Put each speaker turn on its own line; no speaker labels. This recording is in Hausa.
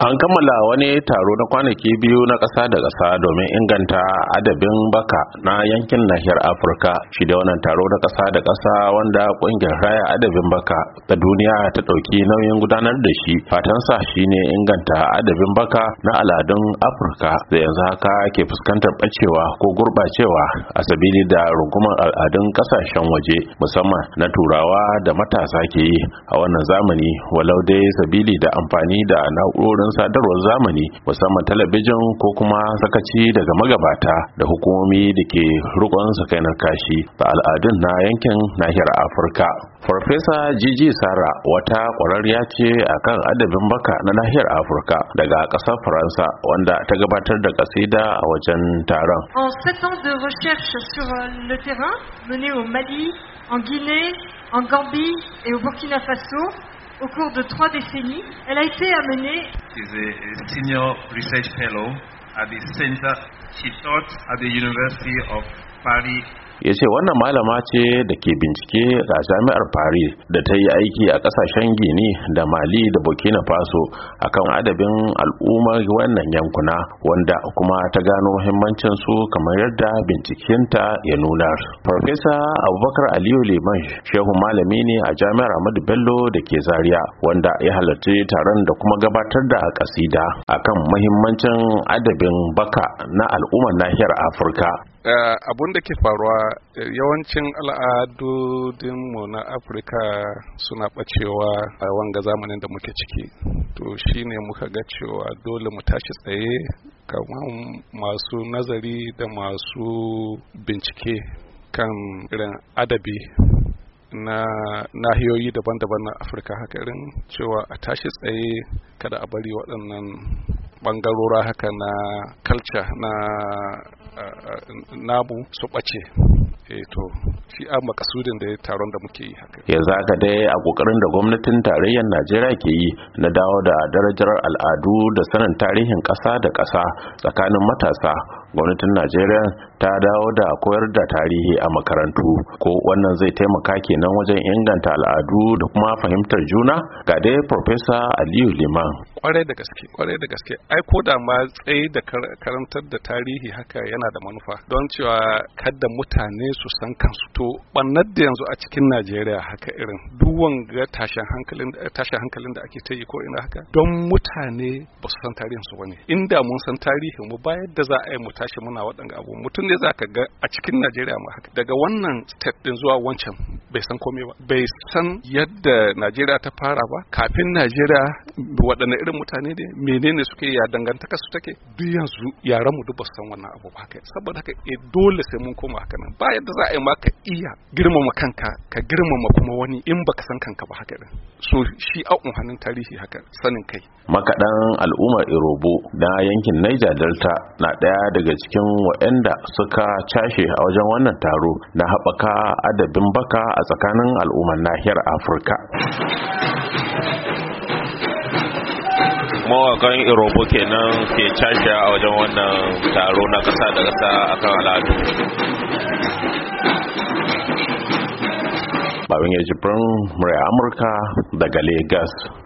an kammala wani taro na kwanaki biyu na ƙasa da kasa domin inganta adabin baka na yankin nahiyar afirka shi da wannan taro na ƙasa da kasa, wanda ƙungiyar raya adabin baka ta duniya ta ɗauki nauyin gudanar da shi fatansa shine inganta adabin baka na aladun afirka da yanzu haka ke fuskantar ɓacewa ko gurɓacewa a sabili da rungumar al'adun ƙasashen waje musamman na turawa da matasa ke yi a wannan zamani walau dai sabili da amfani da na'urorin kafofin sadarwar zamani musamman talabijin ko kuma sakaci daga magabata da hukumomi da ke rukon sakainar kashi da al'adun na yankin nahiyar afirka farfesa jiji sara wata kwararriya ce a kan adabin baka na nahiyar afirka daga ƙasar faransa wanda ta gabatar da kasida a wajen taron euh, en Guinée, en Gambie et au Burkina Faso, au cours de trois décennies, elle a été amenée. She's a senior research fellow at the center she taught at the University of Paris ya ce wannan malama ce da ke bincike a jami'ar paris da ta yi aiki a kasashen gini da mali da burkina faso akan adabin al'ummar wannan yankuna wanda kuma ta gano muhimmancin su kamar yadda bincikinta ya nuna farfesa abubakar aliyu liman shehu malami ne a jami'ar Amadu bello da ke zaria wanda ya halarci taron da kuma gabatar da kasida akan mahimmancin adabin baka na al'ummar nahiyar afirka
eh, abun da ke faruwa yawancin al'adudinmu na afirka suna bacewa a wanga zamanin da muke ciki to shi ne muka ga cewa dole mu tashi tsaye kamar masu nazari da masu bincike kan irin adabi na nahiyoyi daban-daban na afirka haka irin cewa a tashi tsaye kada a bari waɗannan ɓangarora haka na kalca na namu su ɓace Eh, to shi a makasudin da taron da muke yi
haka yanzu haka dai a kokarin da gwamnatin tarayyar Najeriya ke yi na dawo da darajar al'adu da sanin tarihin ƙasa da ƙasa tsakanin matasa gwamnatin Najeriya ta dawo da koyar da tarihi a makarantu ko wannan zai taimaka kenan wajen inganta al'adu da kuma fahimtar juna ga dai Profesa Aliyu Liman
kwarai da gaske kwarai da gaske ai ko da ma tsaye da karantar da tarihi haka yana da manufa don cewa kada mutane su san kansu to bannar da yanzu a cikin Najeriya haka irin duk wanga tashin hankalin tashin hankalin da ake ta yi ko ina haka don mutane ba su san tarihin su bane inda mun san tarihin mu ba yadda za a yi mu tashi muna waɗanga abu mutum ne zaka ga a cikin Najeriya ma haka daga wannan step din zuwa wancan bai san komai ba bai san yadda Najeriya ta fara ba kafin Najeriya waɗanne irin mutane ne menene suke ya dangantaka su take duk yanzu yaran mu duk ba su san wannan abu ba haka saboda haka eh, dole sai mun koma haka nan ba yadda yadda za a yi ma ka iya girmama kanka ka girmama kuma wani in baka san kanka ba haka din so shi a hannun tarihi haka sanin kai
makadan al'ummar irobo na yankin niger delta na ɗaya daga cikin waɗanda suka cashe a wajen wannan taro na haɓaka adabin baka a tsakanin al'ummar nahiyar afirka mawakan irobo kenan ke cashe a wajen wannan taro na ƙasa da ƙasa akan al'adu babin ya jibrin murai amurka daga Legas.